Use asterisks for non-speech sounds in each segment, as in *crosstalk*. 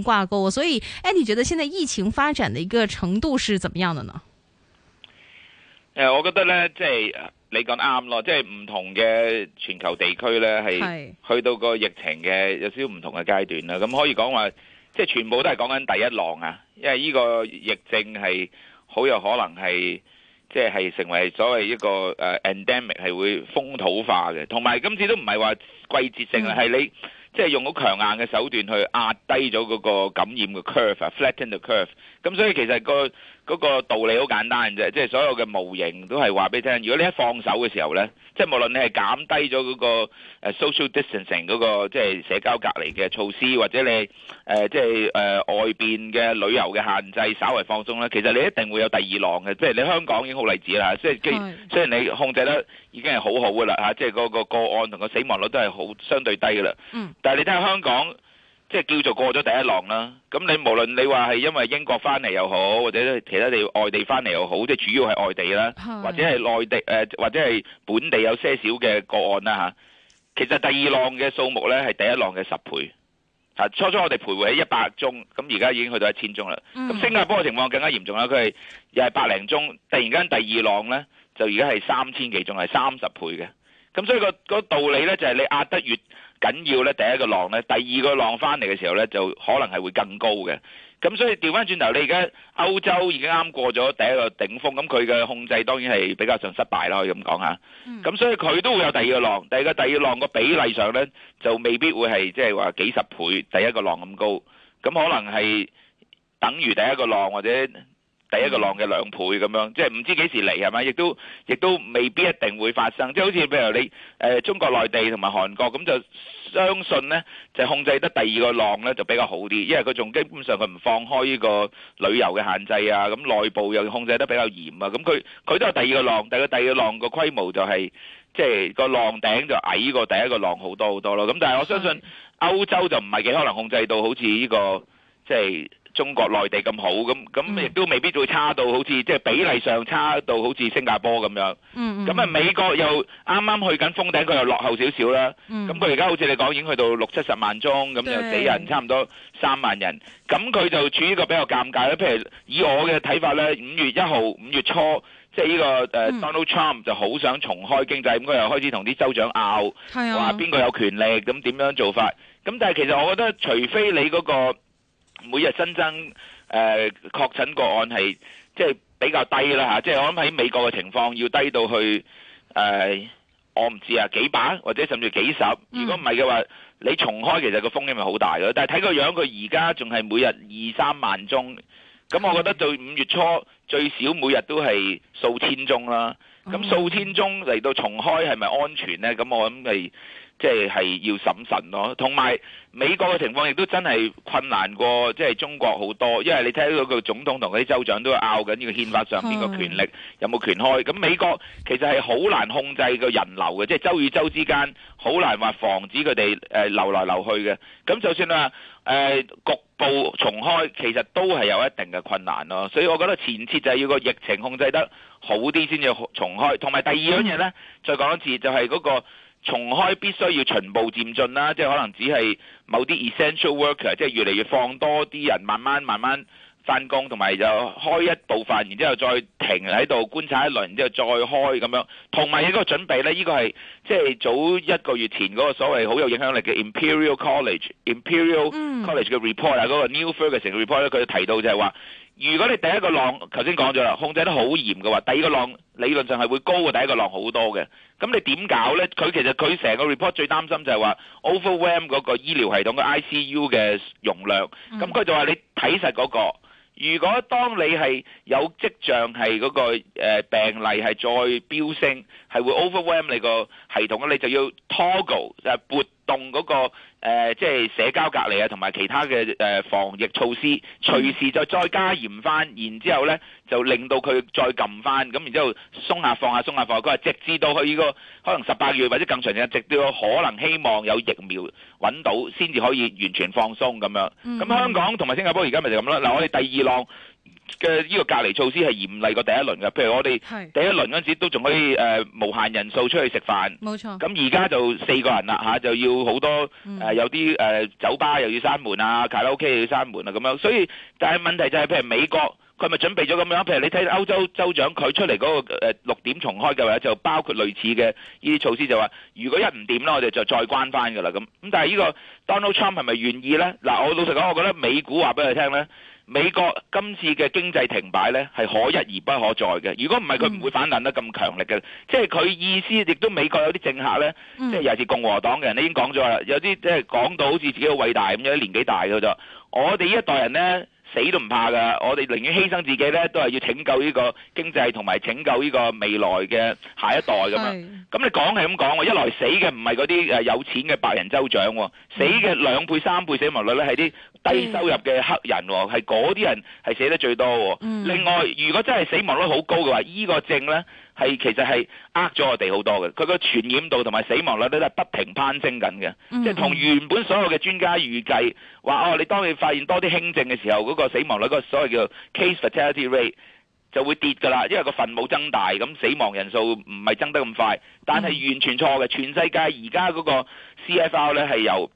掛鈎，所以，誒，你覺得現在疫情發展的一個程度是怎麼樣的呢？誒、呃，我覺得呢，即係你講啱咯，即係唔同嘅全球地區呢，係去到個疫情嘅有少少唔同嘅階段啦。咁可以講話，即係全部都係講緊第一浪啊，因為呢個疫症係好有可能係，即係係成為所謂一個誒 endemic 係會風土化嘅，同埋今次都唔係話季節性啊，係、嗯、你。即係用好強硬嘅手段去壓低咗嗰個感染嘅 curve 啊，flatten the curve。咁所以其實、嗰個。嗰個道理好簡單啫，即係所有嘅模型都係話俾你聽。如果你一放手嘅時候咧，即係無論你係減低咗嗰個 social distancing 嗰個即係社交隔離嘅措施，或者你即係誒外邊嘅旅遊嘅限制稍為放鬆咧，其實你一定會有第二浪嘅。即係你香港已經好例子啦，即係即雖然你控制得已經係好好嘅啦嚇，即係嗰個個案同個死亡率都係好相對低嘅啦。嗯，但係你睇下香港。即係叫做過咗第一浪啦，咁你無論你話係因為英國翻嚟又好，或者其他地外地翻嚟又好，即係主要係外地啦，或者係內地誒，或者係本地有些少嘅個案啦嚇。其實第二浪嘅數目咧係第一浪嘅十倍嚇。初初我哋徘徊喺一百宗，咁而家已經去到一千宗啦。咁、嗯、新加坡嘅情況更加嚴重啦，佢係又係百零宗，突然間第二浪咧就而家係三千幾宗，係三十倍嘅。咁所以嗰個道理咧就係你壓得越緊要咧，第一個浪咧，第二個浪翻嚟嘅時候咧，就可能係會更高嘅。咁所以調翻轉頭，你而家歐洲已經啱過咗第一個頂峰，咁佢嘅控制當然係比較上失敗咯，可以咁講吓。咁所以佢都會有第二個浪，第二個第二個浪個比例上咧，就未必會係即係話幾十倍第一個浪咁高，咁可能係等於第一個浪或者。嗯、第一個浪嘅兩倍咁樣，即係唔知幾時嚟係咪？亦都亦都未必一定會發生。即係好似譬如你、呃、中國內地同埋韓國咁，就相信呢，就控制得第二個浪呢就比較好啲，因為佢仲基本上佢唔放開呢個旅遊嘅限制啊。咁內部又控制得比較嚴啊。咁佢佢都有第二個浪，但係第二個浪個規模就係即係個浪頂就矮過第一個浪好多好多咯。咁但係我相信歐洲就唔係幾可能控制到好似呢個即係。就是中國內地咁好咁咁，亦都未必會差到好似即係比例上差到好似新加坡咁樣。咁、嗯、啊，嗯、美國又啱啱去緊封頂，佢又落後少少啦。咁佢而家好似你講，已經去到六七十萬宗，咁就死人差唔多三萬人。咁佢就處於一個比較尷尬啦。譬如以我嘅睇法咧，五月一號、五月初，即係呢個、嗯、Donald Trump 就好想重開經濟，咁佢又開始同啲州長拗，話邊個有權力，咁點樣做法。咁但係其實我覺得，除非你嗰、嗰個。每日新增誒、呃、確診個案係即係比較低啦嚇，即、就、係、是、我諗喺美國嘅情況要低到去誒、呃，我唔知啊幾百或者甚至幾十。如果唔係嘅話，嗯、你重開其實個風險係好大嘅。但係睇個樣，佢而家仲係每日二三萬宗，咁我覺得到五月初最少每日都係數千宗啦。咁、嗯、數千宗嚟到重開係咪安全咧？咁我諗係。即、就、係、是、要審慎咯，同埋美國嘅情況亦都真係困難過，即係中國好多，因為你睇到個總統同嗰啲州長都拗緊呢個憲法上面個權力有冇權開？咁美國其實係好難控制個人流嘅，即係州與州之間好難話防止佢哋流來流去嘅。咁就算話、呃、局部重開，其實都係有一定嘅困難咯。所以我覺得前設就要個疫情控制得好啲先至重開，同埋第二樣嘢呢，嗯、再講一次就係嗰、那個。重開必須要循步漸進啦，即係可能只係某啲 essential worker，即係越嚟越放多啲人，慢慢慢慢翻工，同埋就開一部分，然之後再停喺度觀察一輪，然之後再開咁樣。同埋一個準備呢，呢、這個係即係早一個月前嗰個所謂好有影響力嘅 Imperial College、Imperial College 嘅 report 啊，嗰個 Neil Ferguson 嘅 report 咧，佢提到就係話。如果你第一個浪頭先講咗啦，控制得好嚴嘅話，第二個浪理論上係會高過第一個浪好多嘅。咁你點搞呢？佢其實佢成個 report 最擔心就係話 overwhelm 嗰個醫療系統嘅 ICU 嘅容量。咁、嗯、佢就話你睇實嗰個。如果當你係有跡象係嗰個誒病例係再飆升，係會 overwhelm 你個系統，你就要 toggle 就係撥動嗰個。誒，即係社交隔離啊，同埋其他嘅誒防疫措施，隨時就再加嚴翻，然之後呢，就令到佢再撳翻，咁然之後鬆下放下鬆下放下，佢話直至到佢呢、這個可能十八個月或者更長嘅，直到可能希望有疫苗揾到先至可以完全放鬆咁樣。咁香港同埋新加坡而家咪就咁囉。嗱，我哋第二浪。嘅呢個隔離措施係嚴厲過第一輪嘅，譬如我哋第一輪嗰陣時候都仲可以誒、呃、無限人數出去食飯，冇錯。咁而家就四個人啦嚇、啊，就要好多誒、嗯呃、有啲誒、呃、酒吧又要閂門啊，卡拉 OK 又要閂門啊咁樣。所以但係問題就係、是、譬如美國，佢咪準備咗咁樣？譬如你睇歐洲州長佢出嚟嗰、嗰個六、呃、點重開嘅話，就包括類似嘅呢啲措施就說，就話如果一唔掂啦，我哋就再關翻嘅啦咁。咁但係呢個 Donald Trump 係咪願意咧？嗱，我老實講，我覺得美股話俾佢聽咧。美國今次嘅經濟停擺呢，係可一而不可再嘅。如果唔係，佢唔會反彈得咁強力嘅、嗯。即係佢意思，亦都美國有啲政客呢，即係尤其共和黨嘅人，你已經講咗啦，有啲即係講到好似自己好偉大咁樣，有啲年紀大嘅咋。我哋呢一代人呢。死都唔怕㗎，我哋寧願犧牲自己呢，都係要拯救呢個經濟同埋拯救呢個未來嘅下一代㗎嘛。咁你講係咁講，一來死嘅唔係嗰啲有錢嘅白人州長、哦，死嘅兩倍三倍死亡率呢，係啲低收入嘅黑人、哦，係嗰啲人係死得最多。另外，如果真係死亡率好高嘅話，呢、呢個症呢。係其實係呃咗我哋好多嘅，佢個傳染度同埋死亡率都係不停攀升緊嘅，mm -hmm. 即係同原本所有嘅專家預計，話哦你當你發現多啲輕症嘅時候，嗰個死亡率個所謂叫 case fatality rate 就會跌噶啦，因為個分母增大，咁死亡人數唔係增得咁快，但係完全錯嘅，全世界而家嗰個 CFR 咧係由。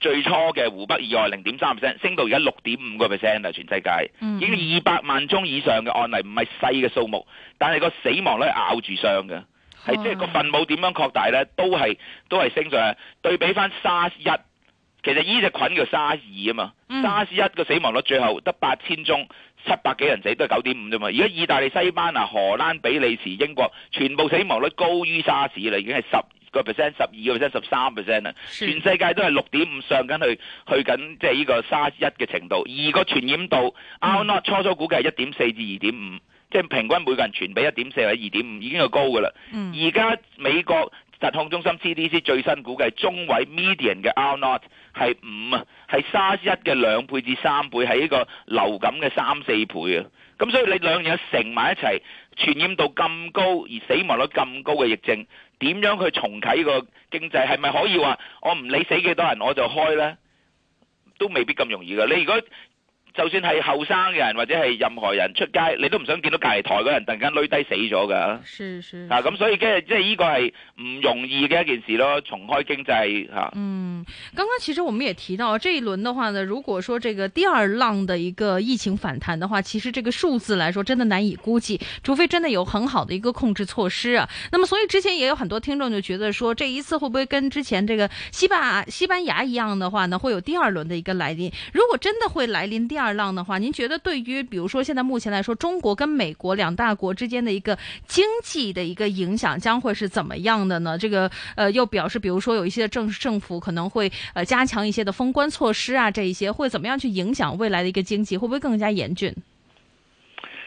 最初嘅湖北以外零點三 percent，升到而家六點五個 percent 啦，全世界已經二百萬宗以上嘅案例，唔係細嘅數目，但係個死亡率是咬住上嘅，係即係個分母點樣擴大咧，都係都係升上去。對比翻沙士一，其實呢隻菌叫沙士二啊嘛，沙士一嘅死亡率最後得八千宗，七百幾人死都係九點五啫嘛。而家意大利、西班牙、荷蘭、比利時、英國，全部死亡率高於沙士啦，已經係十個 percent 十二個 percent 十三 percent 啊！全世界都係六點五上緊去，去緊即係呢個 SARS 一嘅程度。而個傳染度 R0 初初估計係一點四至二點五，即係平均每個人傳俾一點四或者二點五已經係高噶啦。而家美國疾控中心 CDC 最新估計中位 median 嘅 R0 係五啊，係 SARS 一嘅兩倍至三倍，係呢個流感嘅三四倍啊。咁所以你兩樣乘埋一齊，傳染度咁高，而死亡率咁高嘅疫症。點樣去重啟個經濟？係咪可以話我唔理死幾多人，我就開呢？都未必咁容易嘅。你如果就算係後生嘅人或者係任何人出街，你都唔想見到隔籬台嗰人突然間攞低死咗㗎。是是是啊，咁、嗯、所以即係即係呢個係唔容易嘅一件事咯，重開經濟、啊、嗯，剛剛其實我們也提到，這一輪的話呢，如果說這個第二浪的一個疫情反彈的話，其實這個數字來說真的難以估計，除非真的有很好的一個控制措施啊。那麼所以之前也有很多聽眾就覺得說，這一次會不會跟之前這個西班西班牙一樣的話呢，會有第二輪的一個來臨？如果真的會來臨第二。二浪的話，您覺得對於比如說現在目前來說，中國跟美國兩大國之間的一個經濟的一個影響將會是怎麼樣的呢？這個呃，又表示比如說有一些政政府可能會呃加強一些的封關措施啊，這一些會怎麼樣去影響未來的一個經濟？會不會更加嚴峻？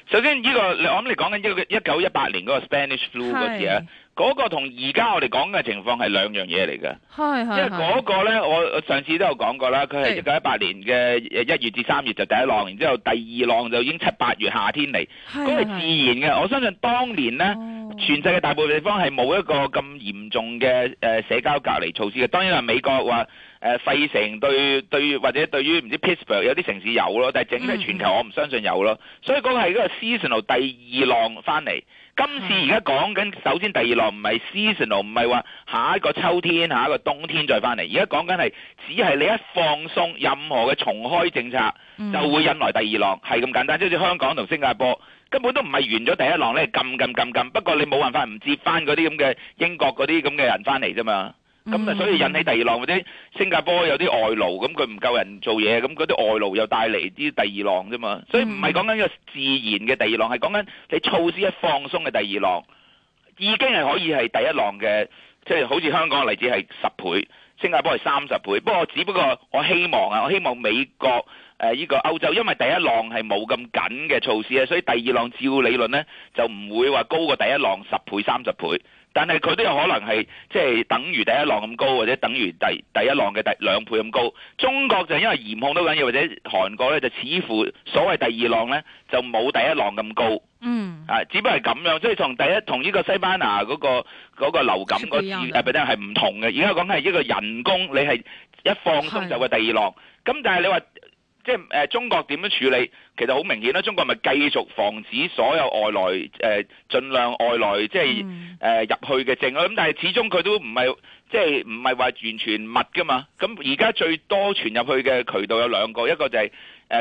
首先，這個，依個我哋講緊一九一八年嗰個 Spanish flu 嗰、那個同而家我哋講嘅情況係兩樣嘢嚟嘅，因為嗰個咧，我上次都有講過啦，佢係一九一八年嘅一月至三月就第一浪，然之後第二浪就已經七八月夏天嚟，嗰、那個係自然嘅。我相信當年咧、哦，全世界大部分地方係冇一個咁嚴重嘅社交隔離措施嘅。當然係美國話誒、呃、費城對對或者對於唔知 Pittsburgh 有啲城市有咯，但係整體全球我唔相信有咯。嗯、所以嗰個係一個 seasonal 第二浪翻嚟。今次而家講緊，首先第二浪唔係 seasonal，唔係話下一個秋天、下一個冬天再翻嚟，而家講緊係只係你一放鬆任何嘅重開政策，就會引來第二浪，係咁簡單。即係好似香港同新加坡根本都唔係完咗第一浪呢，撳撳撳撳，不過你冇辦法唔接翻嗰啲咁嘅英國嗰啲咁嘅人翻嚟啫嘛。咁啊，所以引起第二浪或者新加坡有啲外勞，咁佢唔夠人做嘢，咁嗰啲外勞又帶嚟啲第二浪啫嘛。所以唔係講緊個自然嘅第二浪，係講緊你措施一放鬆嘅第二浪，已經係可以係第一浪嘅，即係好似香港嘅例子係十倍，新加坡係三十倍。不過，只不過我希望啊，我希望美國呃呢個歐洲，因為第一浪係冇咁緊嘅措施啊，所以第二浪照理論呢，就唔會話高過第一浪十倍、三十倍。但係佢都有可能係即係等於第一浪咁高，或者等於第第一浪嘅第兩倍咁高。中國就因為嚴控都緊要，或者韓國咧就似乎所謂第二浪咧就冇第一浪咁高。嗯，啊，只不過係咁樣，所以同第一同呢個西班牙嗰個嗰個流感個事唔係唔同嘅。而家講緊係一個人工，你係一放鬆就會第二浪。咁但係你話。即係誒中國點樣處理？其實好明顯啦，中國咪繼續防止所有外來，誒，盡量外來即係誒入去嘅剩咯。咁但係始終佢都唔係即係唔係話完全密噶嘛。咁而家最多傳入去嘅渠道有兩個，一個就係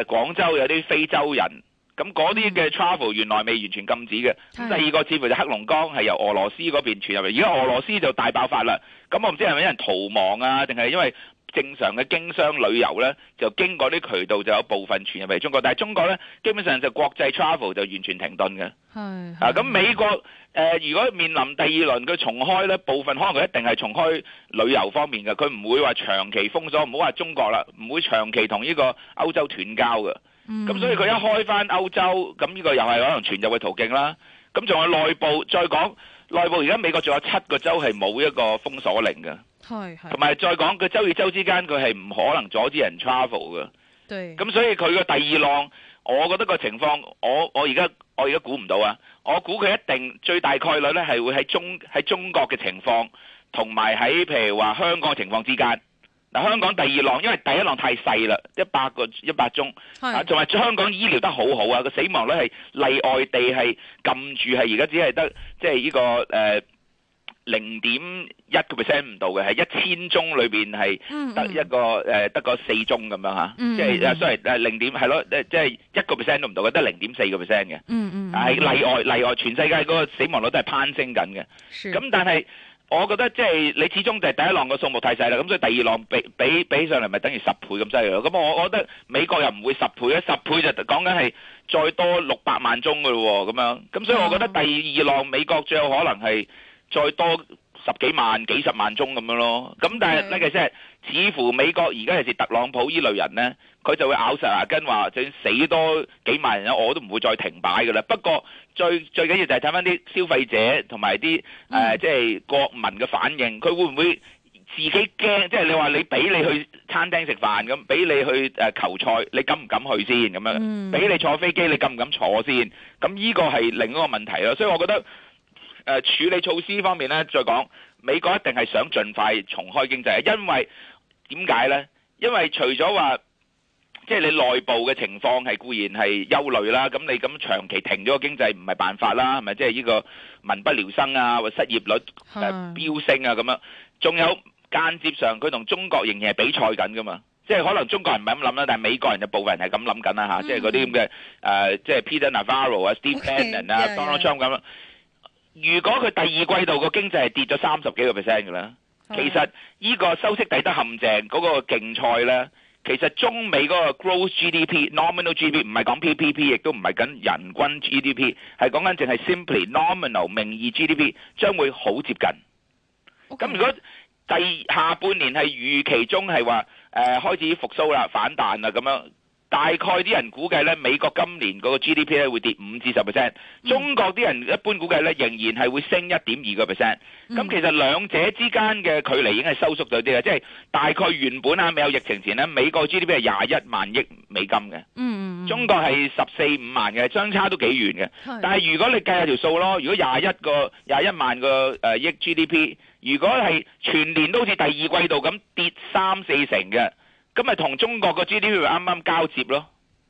廣州有啲非洲人。咁嗰啲嘅 travel 原來未完全禁止嘅。咁第二個似乎就黑龍江係由俄羅斯嗰邊傳入嚟。而家俄羅斯就大爆發啦。咁我唔知係咪有人逃亡啊，定係因為正常嘅經商旅遊咧，就經過啲渠道就有部分傳入嚟中國，但係中國咧，基本上就國際 travel 就完全停頓嘅。係啊，咁美國誒、呃、如果面臨第二輪佢重開咧，部分可能佢一定係重開旅遊方面嘅，佢唔會話長期封鎖，唔好話中國啦，唔會長期同呢個歐洲斷交嘅。咁所以佢一開翻歐洲，咁呢個又係可能傳入嘅途徑啦。咁仲有內部，再講內部，而家美國仲有七個州係冇一個封鎖令嘅，係係。同埋再講佢州與州之間，佢係唔可能阻止人 travel 嘅。對。咁所以佢個第二浪，我覺得個情況，我我而家我而家估唔到啊！我估佢一定最大概率呢係會喺中喺中國嘅情況，同埋喺譬如話香港嘅情況之間。嗱，香港第二浪，因為第一浪太細啦，一百個一百宗，同埋香港醫療得好好啊，個死亡率係例外地係撳住係，係而家只係得即係呢個誒零點一個 percent 唔到嘅，係一千宗裏邊係得一個誒、嗯嗯、得，得個四宗咁樣吓，即係雖然誒零點係咯，即係一個 percent 都唔到，嘅，得零點四個 percent 嘅，係、嗯嗯、例外例外，全世界個死亡率都係攀升緊嘅，咁但係。我覺得即係你始終就係第一浪個數目太細啦，咁所以第二浪比比比上嚟咪等於十倍咁犀利咯。咁我我覺得美國又唔會十倍啊，十倍就講緊係再多六百萬宗噶咯咁樣。咁所以我覺得第二浪美國最有可能係再多。十幾萬、幾十萬宗咁樣咯，咁但係呢個即係似乎美國而家係似特朗普呢類人咧，佢就會咬實牙根話，就算死多幾萬人，我都唔會再停擺㗎啦。不過最最緊要就係睇翻啲消費者同埋啲誒即係國民嘅反應，佢會唔會自己驚？即、mm. 係你話你俾你去餐廳食飯咁，俾你去誒球賽，你敢唔敢去先咁樣？俾、mm. 你坐飛機，你敢唔敢坐先？咁呢個係另一個問題咯，所以我覺得。誒處理措施方面咧，再講美國一定係想盡快重開經濟啊！因為點解咧？因為除咗話即係你內部嘅情況係固然係憂慮啦，咁你咁長期停咗個經濟唔係辦法啦，係咪即係呢個民不聊生啊，或失業率飆升啊咁樣，仲有間接上佢同中國仍然係比賽緊㗎嘛？即係可能中國人唔係咁諗啦，但係美國人嘅部分係咁諗緊啦吓，即係嗰啲咁嘅誒，即係 Peter Navarro 啊、Steve Bannon 啊、Donald Trump 咁。如果佢第二季度的經濟是個經濟係跌咗三十幾個 percent 嘅啦，其實呢個修昔底德陷阱嗰個競賽咧，其實中美個 gross GDP nominal GDP 唔係講 PPP，亦都唔係緊人均 GDP，係講緊淨係 simply nominal 名義 GDP，將會好接近。咁、okay。如果第下半年係預期中係話誒開始復蘇啦，反彈啦咁樣。大概啲人估計咧，美國今年嗰個 GDP 咧會跌五至十 percent，中國啲人一般估計咧仍然係會升一點二個 percent。咁其實兩者之間嘅距離已經係收縮咗啲啦，即係大概原本啊，未有疫情前咧，美國 GDP 係廿一萬億美金嘅，嗯，中國係十四五萬嘅，相差都幾遠嘅。但係如果你計下條數咯，如果廿一個廿一萬個誒億 GDP，如果係全年都好似第二季度咁跌三四成嘅。咁咪同中國個 GDP 啱啱交接咯。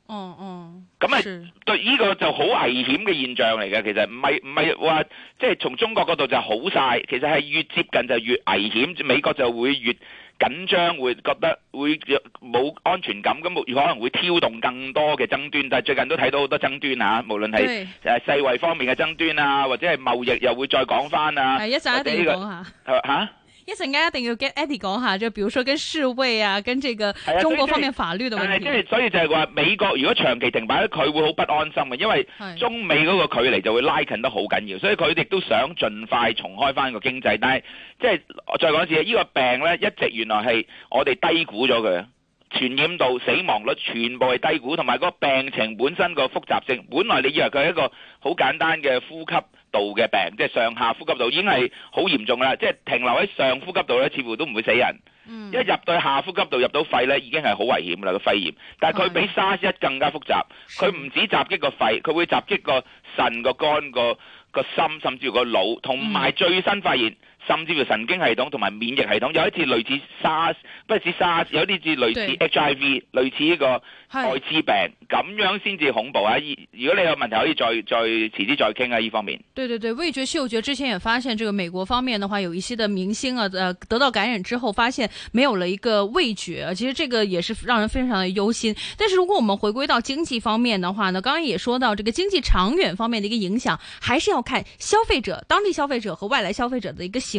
哦哦，咁咪對呢個就好危險嘅現象嚟嘅，其實唔係，唔係話即係從中國嗰度就好晒，其實係越接近就越危險，美國就會越緊張，會覺得會冇安全感。咁無可能會挑動更多嘅爭端，但係最近都睇到好多爭端吓，無論係誒世衞方面嘅爭端啊，或者係貿易又會再講返啊。係，一陣我哋講下吓。一陣間一定要跟 Eddie 講下，就比如說跟世衛啊，跟這個中國方面法律的問題。即係所、就是、所以就係話美國如果長期停擺咧，佢會好不安心嘅，因為中美嗰個距離就會拉近得好緊要，所以佢亦都想盡快重開翻個經濟。但係即係再講一次，呢、這個病咧一直原來係我哋低估咗佢，傳染到死亡率全部係低估，同埋嗰個病情本身個複雜性，本來你以為佢係一個好簡單嘅呼吸。度嘅病，即係上下呼吸道已經係好嚴重啦，即係停留喺上呼吸道呢，似乎都唔會死人。嗯，一入到下呼吸道，入到肺呢，已經係好危險啦個肺炎。但係佢比沙士一更加複雜，佢唔止襲擊個肺，佢會襲擊個腎、個肝、個個心，甚至個腦。同埋最新發現。嗯甚至乎神經系統同埋免疫系統有一次類似 SARS，不是 SARS，有啲似類似 HIV，類似呢個艾滋病咁樣先至恐怖啊！如果你有問題，可以再再遲啲再傾啊！呢方面，對對對，味覺嗅覺之前也發現，這個美國方面的話，有一些的明星啊，呃，得到感染之後，發現沒有了一個味覺，其實這個也是讓人非常的憂心。但是，如果我們回歸到經濟方面的話，呢，剛剛也說到這個經濟長遠方面的一個影響，還是要看消費者、當地消費者和外來消費者的一個行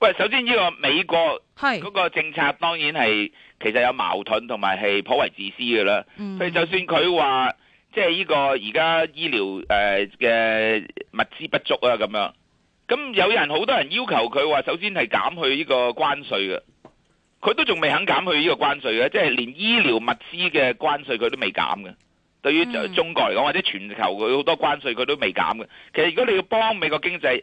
喂，首先呢個美國嗰個政策當然係其實有矛盾同埋係頗為自私嘅啦。佢、mm-hmm. 就算佢話即係呢個而家醫療誒嘅物資不足啊，咁樣，咁有人好多人要求佢話，首先係減去呢個關稅嘅，佢都仲未肯減去呢個關稅嘅，即係連醫療物資嘅關稅佢都未減嘅。對於就中國嚟講或者全球佢好多關稅佢都未減嘅。其實如果你要幫美國經濟，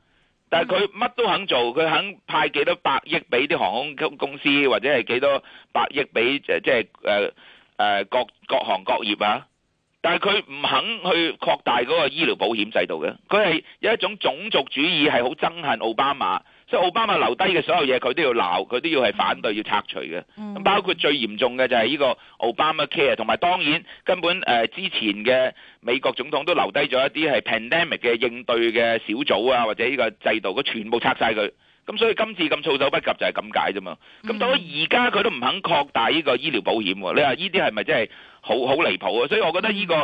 但係佢乜都肯做，佢肯派幾多百億俾啲航空公司，或者係幾多百億俾即係誒誒各各行各業啊！但係佢唔肯去擴大嗰個醫療保險制度嘅，佢係有一種種族主義係好憎恨奧巴馬。即係奧巴馬留低嘅所有嘢，佢都要鬧，佢都要係反對、嗯、要拆除嘅。咁包括最嚴重嘅就係呢個奧巴馬 care，同埋當然根本誒、呃、之前嘅美國總統都留低咗一啲係 pandemic 嘅應對嘅小組啊，或者呢個制度，佢全部拆晒佢。咁所以今次咁措手不及就係咁解啫嘛。咁到而家佢都唔肯擴大呢個醫療保險喎、啊。你話呢啲係咪真係好好離譜啊？所以我覺得呢、呢個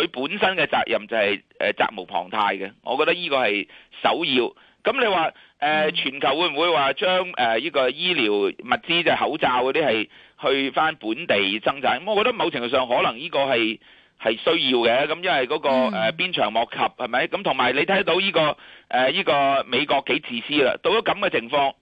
佢、嗯、本身嘅責任就係、是、誒、呃、責無旁貸嘅。我覺得呢個係首要。咁你話誒、呃、全球會唔會話將誒依、呃這個醫療物資即係、就是、口罩嗰啲係去返本地生產？咁我覺得某程度上可能呢個係係需要嘅，咁因為嗰、那個誒、呃、鞭長莫及係咪？咁同埋你睇到呢、這個誒依、呃這個美國幾自私啦，到咗咁嘅情況，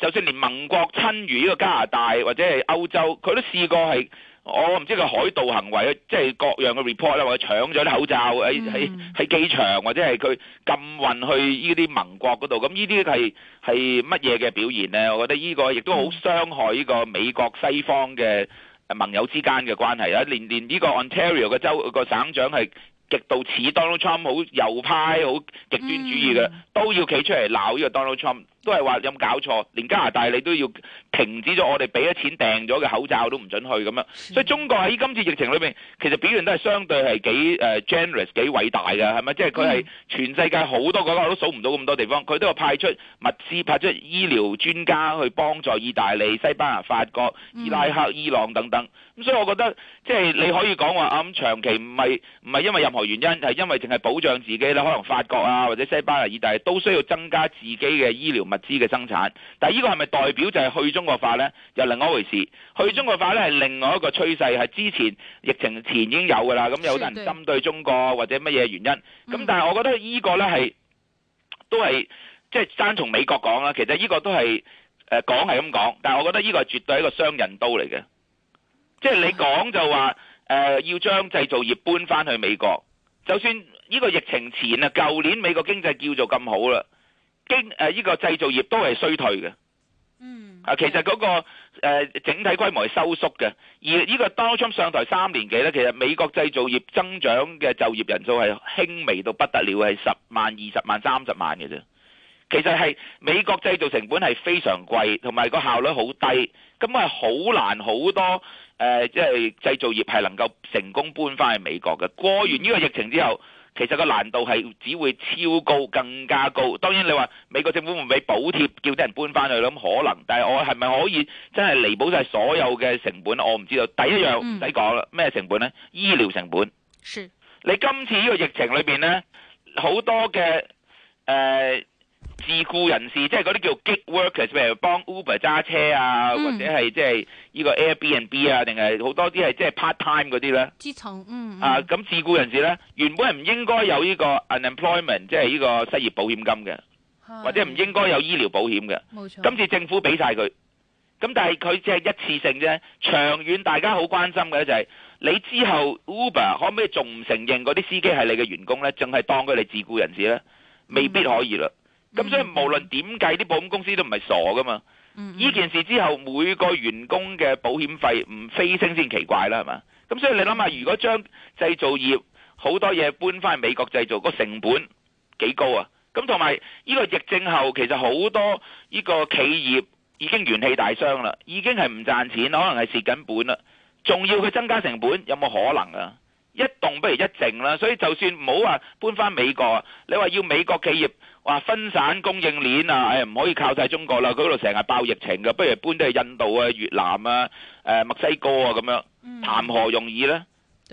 就算連盟國親如呢個加拿大或者係歐洲，佢都試過係。我唔知佢海盜行為，即係各樣嘅 report 啦，或者搶咗啲口罩喺喺喺機場，或者係佢禁運去呢啲盟國嗰度，咁呢啲係係乜嘢嘅表現咧？我覺得呢個亦都好傷害呢個美國西方嘅盟友之間嘅關係啦。連連呢個 Ontario 嘅州個省長係極度似 Donald Trump 好右派、好極端主義嘅，都要企出嚟鬧呢個 Donald Trump。都係話有冇搞錯？連加拿大你都要停止咗我哋俾咗錢訂咗嘅口罩都唔准去咁樣。所以中國喺今次疫情裏面，其實表現都係相對係幾、uh, generous 幾偉大嘅，係咪？即係佢係全世界好多國家都數唔到咁多地方，佢都有派出物資、派出醫療專家去幫助意大利、西班牙、法國、伊拉克、伊朗等等。咁、嗯、所以我覺得即係、就是、你可以講話啱長長期唔係唔係因為任何原因，係因為淨係保障自己啦。可能法國啊或者西班牙、意大利都需要增加自己嘅醫療外資嘅生產，但係呢個係咪代表就係去中國化呢？又另外一回事，去中國化呢係另外一個趨勢，係之前疫情前已經有嘅啦。咁有啲人針對中國或者乜嘢原因，咁但係我覺得呢個呢係都係即係單從美國講啦。其實呢個都係誒講係咁講，但係我覺得呢個係絕對係一個雙刃刀嚟嘅，即係你講就話、是、誒、呃、要將製造業搬翻去美國，就算呢個疫情前啊，舊年美國經濟叫做咁好啦。經誒呢個製造業都係衰退嘅，嗯，啊其實嗰個誒整體規模係收縮嘅，而呢個當 o 上台三年幾咧，其實美國製造業增長嘅就業人數係輕微到不得了，係十萬、二十萬、三十萬嘅啫。其實係美國製造成本係非常貴，同埋個效率好低，咁係好難好多誒，即係製造業係能夠成功搬翻去美國嘅。過完呢個疫情之後。其實個難度係只會超高，更加高。當然你話美國政府唔俾補貼，叫啲人搬翻去，咁可能。但係我係咪可以真係彌補晒所有嘅成本，我唔知道。第一樣唔使講啦，咩、嗯、成本呢？醫療成本。是。你今次呢個疫情裏面呢，好多嘅誒。呃自雇人士，即係嗰啲叫 gig workers，譬如幫 Uber 揸車啊，嗯、或者係即係呢個 Airbnb 啊，定係好多啲係即係 part time 嗰啲咧。自、嗯嗯、啊，咁自雇人士咧，原本係唔應該有呢個 unemployment，即係呢個失業保險金嘅，或者唔應該有醫療保險嘅。冇錯。今次政府俾晒佢，咁但係佢只係一次性啫。長遠大家好關心嘅就係、是、你之後 Uber 可唔可以仲唔承認嗰啲司機係你嘅員工咧？仲係當佢哋自雇人士咧？未必可以啦。嗯咁所以無論點計，啲保險公司都唔係傻噶嘛。呢件事之後，每個員工嘅保險費唔飛升先奇怪啦，係嘛？咁所以你諗下，如果將製造業好多嘢搬翻去美國製造，個成本幾高啊？咁同埋呢個疫症後，其實好多呢個企業已經元氣大傷啦，已經係唔賺錢，可能係蝕緊本啦。仲要佢增加成本，有冇可能啊？一動不如一靜啦。所以就算唔好話搬翻美國，你話要美國企業。話分散供應鏈啊，誒、哎、唔可以靠晒中國啦，佢嗰度成日爆疫情嘅，不如一般都係印度啊、越南啊、誒、啊、墨西哥啊咁樣，談何容易咧？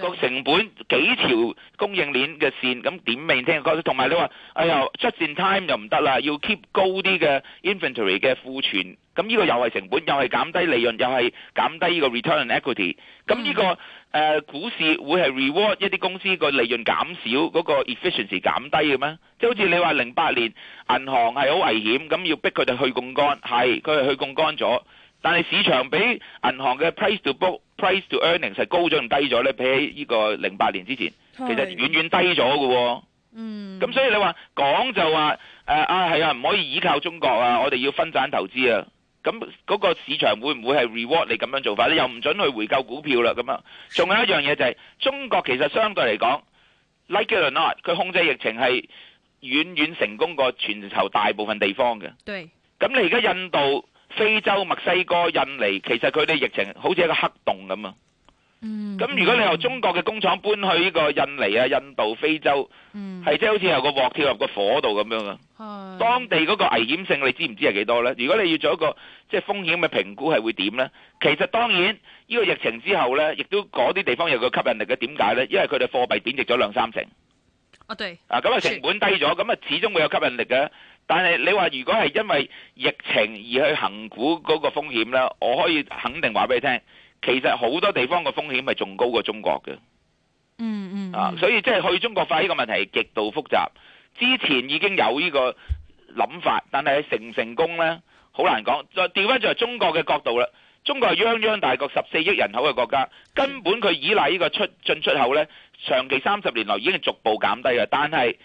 個成本幾條供應鏈嘅線咁點 maintain？同埋你話，哎呀 just in time 又唔得啦，要 keep 高啲嘅 inventory 嘅庫存，咁依個又係成本，又係減低利潤，又係減低依個 return on equity。咁依個誒股市會係 reward 一啲公司個利潤減少嗰個 efficiency 減低嘅咩？即係好似你話零八年銀行係好危險，咁要逼佢哋去槓桿，係佢係去槓桿咗。但係市場比銀行嘅 price to book、price to earnings 係高咗定低咗咧？比起呢個零八年之前，其實遠遠低咗嘅。嗯，咁所以你話講就話誒啊，係啊，唔可以依靠中國啊，我哋要分散投資啊。咁嗰個市場會唔會係 reward 你咁樣做法咧？你又唔準去回購股票啦，咁啊。仲有一樣嘢就係、是、中國其實相對嚟講，Like it or not 啊，佢控制疫情係遠遠成功過全球大部分地方嘅。對。咁你而家印度？非洲、墨西哥、印尼，其實佢哋疫情好似一個黑洞咁啊！咁如果你由中國嘅工廠搬去呢個印尼啊、印度、非洲，係即係好似由個鑊跳入個火度咁樣啊！當地嗰個危險性你知唔知係幾多咧？如果你要做一個即係風險嘅評估，係會點咧？其實當然呢個疫情之後咧，亦都嗰啲地方有個吸引力嘅，點解咧？因為佢哋貨幣貶值咗兩三成。啊對。啊咁啊成本低咗，咁啊始終會有吸引力嘅。但係你話如果係因為疫情而去行股嗰個風險咧，我可以肯定話俾你聽，其實好多地方個風險係仲高過中國嘅。嗯嗯。啊，所以即係去中國化呢個問題係極度複雜。之前已經有呢個諗法，但係成唔成功咧，好難講。再調翻轉嚟中國嘅角度啦，中國係泱泱大國，十四億人口嘅國家，根本佢依賴呢個出進出口咧，長期三十年來已經逐步減低嘅。但係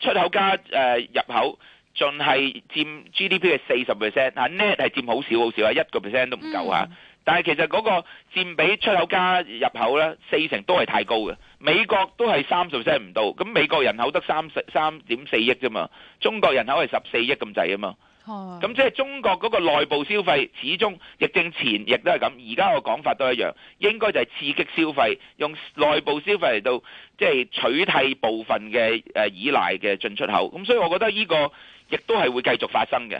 出口加誒入口。盡係佔 GDP 嘅四十 percent，嚇 net 係佔好少好少啊，一個 percent 都唔夠嚇。但係其實嗰個佔比出口加入口咧，四成都係太高嘅。美國都係三十 percent 唔到，咁美國人口得三十三點四億啫嘛，中國人口係十四億咁滯啊嘛。咁即係中國嗰個內部消費，始終疫症前亦都係咁，而家個講法都一樣，應該就係刺激消費，用內部消費嚟到即係取替部分嘅誒依賴嘅進出口。咁所以我覺得呢個。亦都係會繼續發生嘅，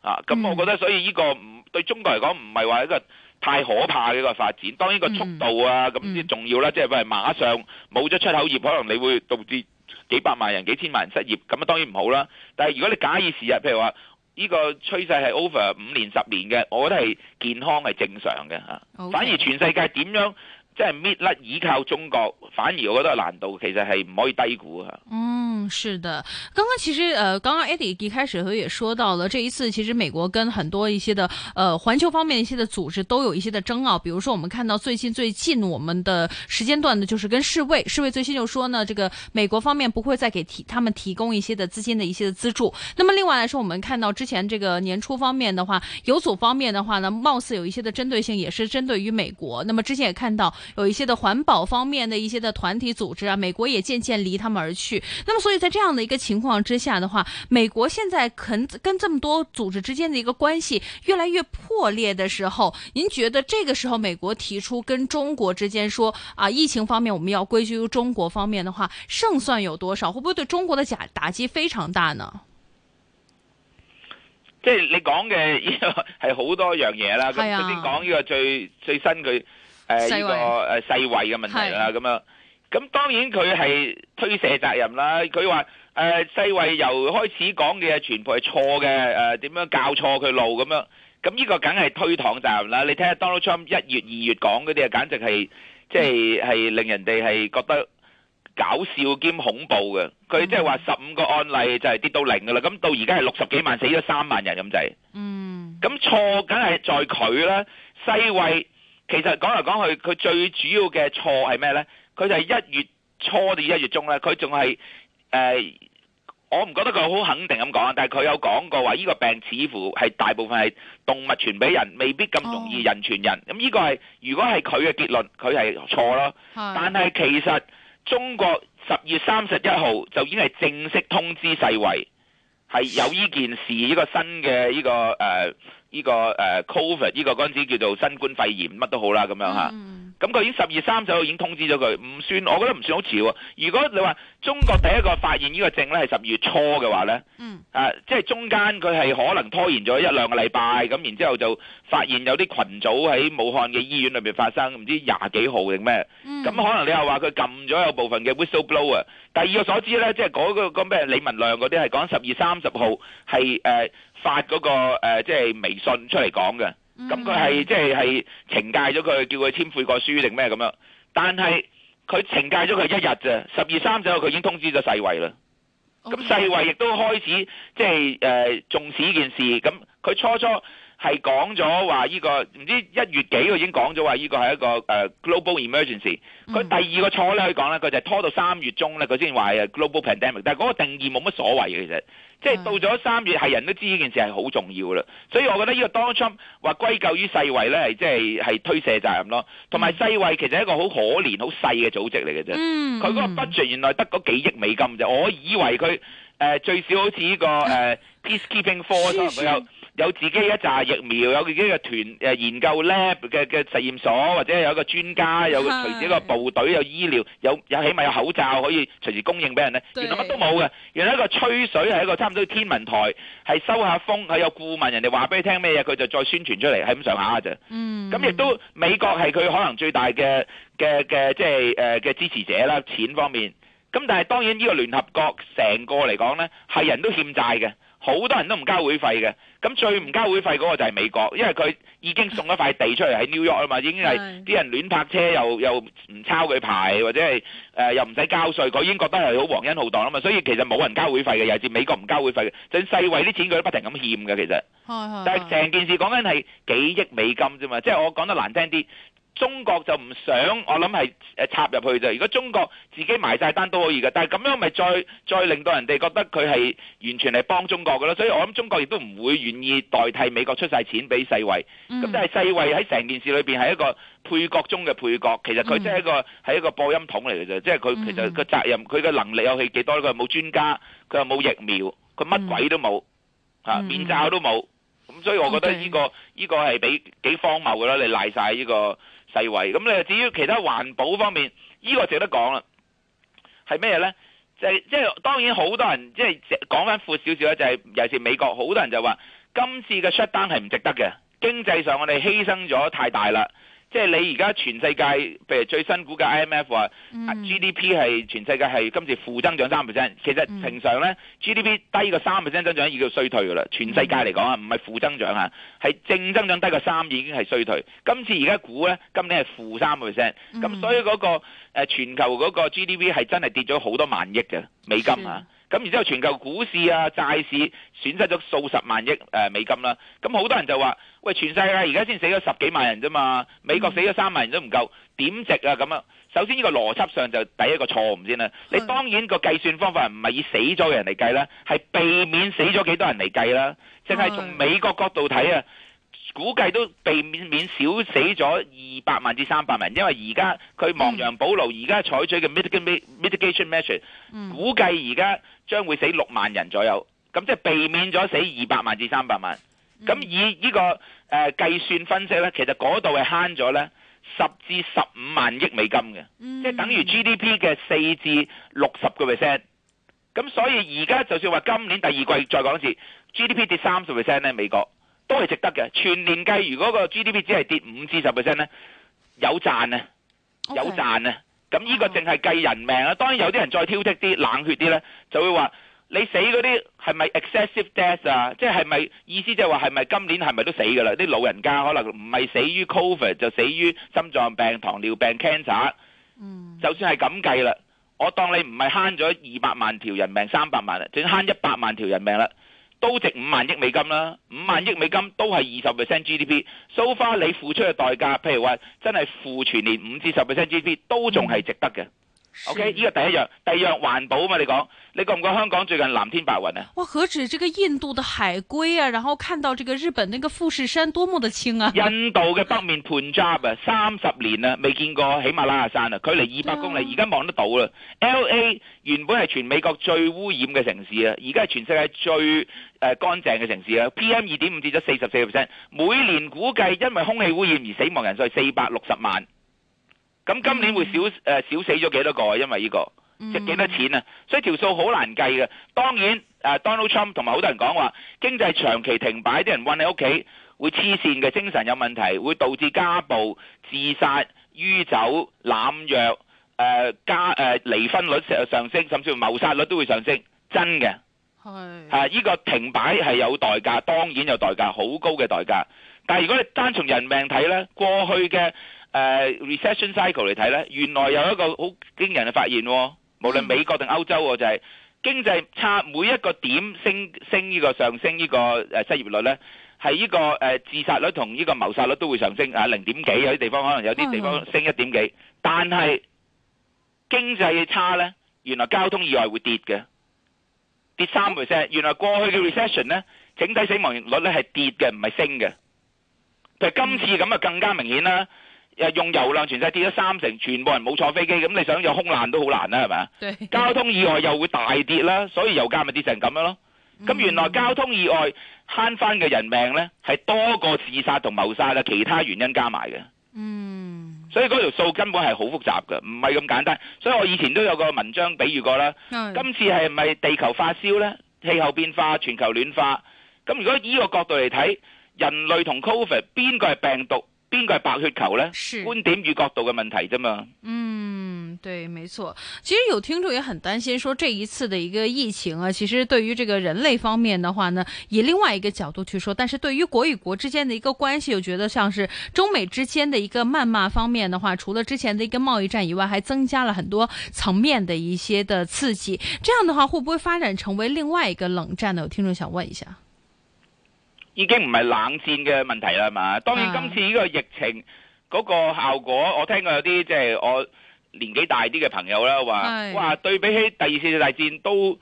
啊、嗯，咁我覺得所以呢個唔對中國嚟講唔係話一個太可怕嘅一個發展，當然個速度啊咁啲、嗯、重要啦，即係唔係馬上冇咗出口業，可能你會導致幾百萬人、幾千萬人失業，咁啊當然唔好啦。但係如果你假以時日，譬如話呢個趨勢係 over 五年、十年嘅，我覺得係健康係正常嘅嚇，Okay. 反而全世界點樣？即係搣甩倚靠中國，反而我覺得難度其實係唔可以低估嘅。嗯，是的，剛剛其實，呃，剛剛 Eddie 一開始時也說到了，這一次其實美國跟很多一些的，呃，環球方面一些的組織都有一些的爭拗，比如說我們看到最近最近我們的時間段呢，就是跟世衛，世衛最新就說呢，這個美國方面不會再給提他們提供一些的資金的一些的資助。那麼另外來說，我們看到之前這個年初方面的話，有組方面的話呢，貌似有一些的針對性，也是針對於美國。那麼之前也看到。有一些的環保方面的一些的團體組織啊，美國也漸漸離他們而去。那麼，所以在這樣的一個情況之下的話，美國現在肯跟這麼多組織之間的一個關係越來越破裂的時候，您覺得這個時候美國提出跟中國之間說啊，疫情方面我們要歸咎於中國方面的話，勝算有多少？會不會對中國的假打擊非常大呢？即係你講嘅呢個係好多樣嘢啦，咁首先講呢個最、哎、最新佢。誒，呢個誒，世衛嘅問題啦，咁樣，咁當然佢係推卸責任啦。佢話誒，世衛由開始講嘅全部係錯嘅，誒，點樣教錯佢路咁樣，咁呢個梗係推搪責任啦。你睇下 Donald Trump 一月、二月講嗰啲啊，簡直係即係係令人哋係覺得搞笑兼恐怖嘅。佢即係話十五個案例就係跌到零噶啦，咁到而家係六十幾萬死咗三萬人咁滯。嗯，咁錯梗係在佢啦，世衛。其實講嚟講去，佢最主要嘅錯係咩呢？佢就係一月初定一月中咧，佢仲係誒，我唔覺得佢好肯定咁講。但係佢有講過話，呢個病似乎係大部分係動物傳俾人，未必咁容易人傳人。咁、哦、呢、嗯呢個係如果係佢嘅結論，佢係錯咯。是但係其實中國十月三十一號就已經係正式通知世衞。係有依件事，依、這個新嘅依、這個誒，依、呃這個誒、呃、covid 依個嗰陣時叫做新冠肺炎，乜都好啦咁樣吓。咁佢已經十二月三十號已經通知咗佢，唔算，我覺得唔算好遲喎。如果你話中國第一個發現呢個症咧係十二月初嘅話咧，嗯，啊，即係中間佢係可能拖延咗一兩個禮拜，咁然之後就發現有啲群組喺武漢嘅醫院裏邊發生，唔知廿幾號定咩，嗯，咁可能你又話佢撳咗有部分嘅 whistleblower，但係以我所知咧，即係嗰個個咩李文亮嗰啲係講十二月三十號係誒發嗰個誒即係微信出嚟講嘅。咁佢係即係係懲戒咗佢，叫佢簽悔過書定咩咁樣？但係佢懲戒咗佢一日啫，十二三日，佢已經通知咗世衛啦。咁、okay. 世衛亦都開始即係誒重視呢件事。咁佢初初。係講咗話呢個唔知一月幾，佢已經講咗話呢個係一個誒、uh, global emergency、嗯。佢第二個錯咧，可以講咧，佢就係拖到三月中咧，佢先話 global pandemic。但係嗰個定義冇乜所謂嘅，其實，即係到咗三月係人都知呢件事係好重要啦。所以我覺得呢個 Donald Trump 話歸咎於世衛咧，係即係係推卸責任咯。同、嗯、埋世衛其實係一個好可憐好細嘅組織嚟嘅啫。佢、嗯、嗰個 budget 原來得嗰幾億美金啫。我以為佢誒、呃、最少好似呢、這個誒、uh, peacekeeping force 都有。有自己一紮疫苗，有自己嘅團誒研究 lab 嘅嘅實驗所，或者有一個專家，有隨時一個部隊有醫療，有有起碼有口罩可以隨時供應俾人咧。原來乜都冇嘅，原來一個吹水係一個差唔多天文台，係收下風，係有顧問人，人哋話俾你聽咩嘢，佢就再宣傳出嚟，係咁上下嘅啫。嗯，咁亦都美國係佢可能最大嘅嘅嘅即係誒嘅支持者啦，錢方面。咁但係當然呢個聯合國成個嚟講咧，係人都欠債嘅。好多人都唔交會費嘅，咁最唔交會費嗰個就係美國，因為佢已經送咗塊地出嚟喺 New York 啊嘛， *laughs* 已經係啲人亂泊車又又唔抄佢牌或者係誒、呃、又唔使交稅，佢已經覺得係好皇恩浩蕩啦嘛，所以其實冇人交會費嘅，尤其是美國唔交會費的，就是、世衛啲錢佢都不停咁欠嘅其實， *laughs* 但係成件事講緊係幾億美金啫嘛，即、就、係、是、我講得難聽啲。中國就唔想，我諗係插入去啫。如果中國自己埋晒單都可以㗎，但係咁樣咪再再令到人哋覺得佢係完全係幫中國噶咯。所以我諗中國亦都唔會願意代替美國出晒錢俾世衛。咁但係世衛喺成件事裏面係一個配角中嘅配角，其實佢真係一個係、嗯、一個播音筒嚟嘅啫。即係佢其實個責任，佢嘅能力又係幾多？佢又冇專家，佢又冇疫苗，佢乜鬼都冇嚇、嗯啊，面罩都冇。咁所以我覺得呢、呢個係比幾荒謬噶咯。你賴晒呢個。世衛咁咧，至於其他環保方面，呢、這個值得講啦。係咩嘢咧？就係即係當然好多人即係講返闊少少就係、是、尤其是美國，好多人就話今次嘅 shutdown 係唔值得嘅，經濟上我哋犧牲咗太大啦。即、就、係、是、你而家全世界，譬如最新估嘅 IMF 話 GDP 係全世界係今次負增長三 percent，其實平常咧 GDP 低過三 percent 增長已經叫衰退噶啦。全世界嚟講啊，唔係負增長啊，係正增長低過三已經係衰退。今次而家估咧，今年係負三 percent，咁所以嗰個誒全球嗰個 GDP 係真係跌咗好多萬億嘅美金啊！咁然之後，全球股市啊、債市損失咗數十萬億、呃、美金啦。咁好多人就話：喂，全世界而家先死咗十幾萬人啫嘛，美國死咗三萬人都唔夠，點值啊咁啊！首先呢個邏輯上就第一個錯誤先啦。你當然個計算方法唔係以死咗嘅人嚟計啦，係避免死咗幾多人嚟計啦。淨係從美國角度睇啊！估計都避免免少死咗二百萬至三百萬，因為而家佢亡羊補牢，而家採取嘅 mitigation measure，估計而家將會死六萬人左右，咁即係避免咗死二百萬至三百萬。咁以呢、呢個誒、呃、計算分析呢，其實嗰度係慳咗呢十至十五萬億美金嘅，即、嗯、係、就是、等於 GDP 嘅四至六十個 percent。咁所以而家就算話今年第二季再講一次 GDP 跌三十 percent 咧，美國。都係值得嘅，全年計如果個 GDP 只係跌五至十 percent 咧，有賺啊，有賺啊，咁呢個淨係計人命啊。當然有啲人再挑剔啲，冷血啲咧，就會話你死嗰啲係咪 excessive death 啊？即係係咪意思即係話係咪今年係咪都死噶啦？啲老人家可能唔係死於 covid 就死於心臟病、糖尿病、cancer。Mm. 就算係咁計啦，我當你唔係慳咗二百萬條人命，三百萬啊，淨慳一百萬條人命啦。都值五萬億美金啦，五萬億美金都係二十 percent GDP，So far，你付出嘅代價，譬如話真係付全年五至十 percent GDP，都仲係值得嘅。OK，呢個第一樣，第二樣環保啊嘛？你講，你覺唔覺香港最近藍天白雲啊？哇，何止這個印度的海龜啊？然後看到這個日本那個富士山多麼的清啊！印度嘅北面盤揸啊，三 *laughs* 十年啊，未見過喜馬拉雅山啊，距離二百公里，而家望得到啦。LA 原本係全美國最污染嘅城市啊，而家係全世界最誒、呃、乾淨嘅城市啊。PM 二點五跌咗四十四 percent，每年估計因為空氣污染而死亡人數係四百六十萬。咁今年會少、嗯呃、少死咗幾多個，啊？因為呢、呢個即係幾多錢啊、嗯！所以條數好難計嘅。當然，呃，Donald Trump 同埋好多人講話經濟長期停擺，啲人韞喺屋企會黐線嘅精神有問題，會導致家暴、自殺、酗酒、濫藥、誒、呃呃、離婚率上升，甚至乎謀殺率都會上升，真嘅。係啊！依、呃呢個停擺係有代價，當然有代價，好高嘅代價。但係如果你單從人命睇咧，過去嘅，誒、uh，recession cycle 嚟睇咧，原來有一個好驚人嘅發現，無論美國定歐洲，就係、是、經濟差每一個點升升呢個上升呢個誒失業率咧，係呢、這個誒、呃、自殺率同呢個謀殺率都會上升啊，零點幾有啲地方可能有啲地方升一點幾，但係經濟差咧，原來交通意外會跌嘅，跌三 percent。原來過去嘅 recession 咧，整體死亡率咧係跌嘅，唔係升嘅。但係今次咁啊，更加明顯啦。用油量全世跌咗三成，全部人冇坐飛機，咁你想有空難都好難啦，係咪 *laughs* 交通意外又會大跌啦，所以油價咪跌成咁樣咯。咁原來交通意外慳翻嘅人命呢，係多過自殺同謀殺啦，其他原因加埋嘅。嗯， *laughs* 所以嗰條數根本係好複雜㗎，唔係咁簡單。所以我以前都有個文章比喻過啦。 *laughs* 今次係咪地球發燒呢？氣候變化、全球暖化，咁如果依個角度嚟睇，人類同 Covid 邊個係病毒？邊個係白血球呢？是觀點與角度嘅問題啫嘛。嗯，對，沒錯。其實有聽眾也很擔心，說這一次的一個疫情啊，其實對於這個人類方面的話呢，以另外一個角度去說，但是對於國與國之間的一個關係，又覺得像是中美之間的一個謾罵方面的話，除了之前的一個貿易戰以外，還增加了很多層面的一些的刺激。這樣的話，會不會發展成為另外一個冷戰呢？有聽眾想問一下。已經唔係冷戰嘅問題啦嘛，當然今次呢個疫情嗰個效果，我聽過有啲即係我年紀大啲嘅朋友啦，話哇對比起第二次大戰都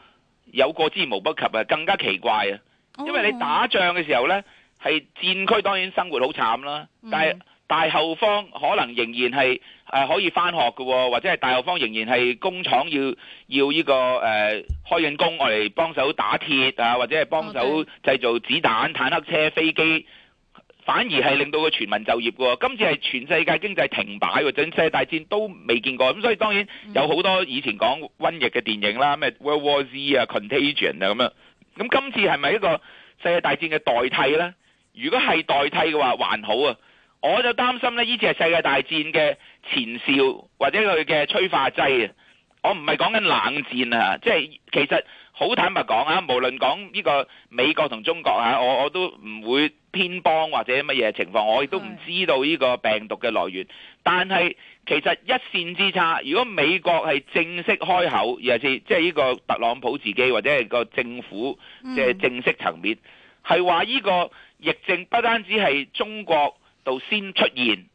有過之無不及啊，更加奇怪啊，因為你打仗嘅時候呢，係、哦、戰區當然生活好慘啦，但係大、嗯、後方可能仍然係。係、啊、可以返學喎、哦，或者係大學方仍然係工廠要要呢、這個誒、啊、開緊工，我哋幫手打鐵啊，或者係幫手、okay. 製造子彈、坦克車、飛機，反而係令到個全民就業喎、哦。今次係全世界經濟停擺，或者世界大戰都未見過，咁所以當然有好多以前講瘟疫嘅電影啦，咩 World War Z 啊、Contagion 啊咁樣。咁今次係咪一個世界大戰嘅代替呢？如果係代替嘅話，還好啊。我就擔心呢呢次係世界大戰嘅前兆或者佢嘅催化劑啊！我唔係講緊冷戰啊，即係其實好坦白講啊，無論講呢個美國同中國啊，我我都唔會偏幫或者乜嘢情況，我亦都唔知道呢個病毒嘅來源。但係其實一線之差，如果美國係正式開口，尤其係即係呢個特朗普自己或者係個政府嘅正式層面，係話呢個疫症不單止係中國度先出現，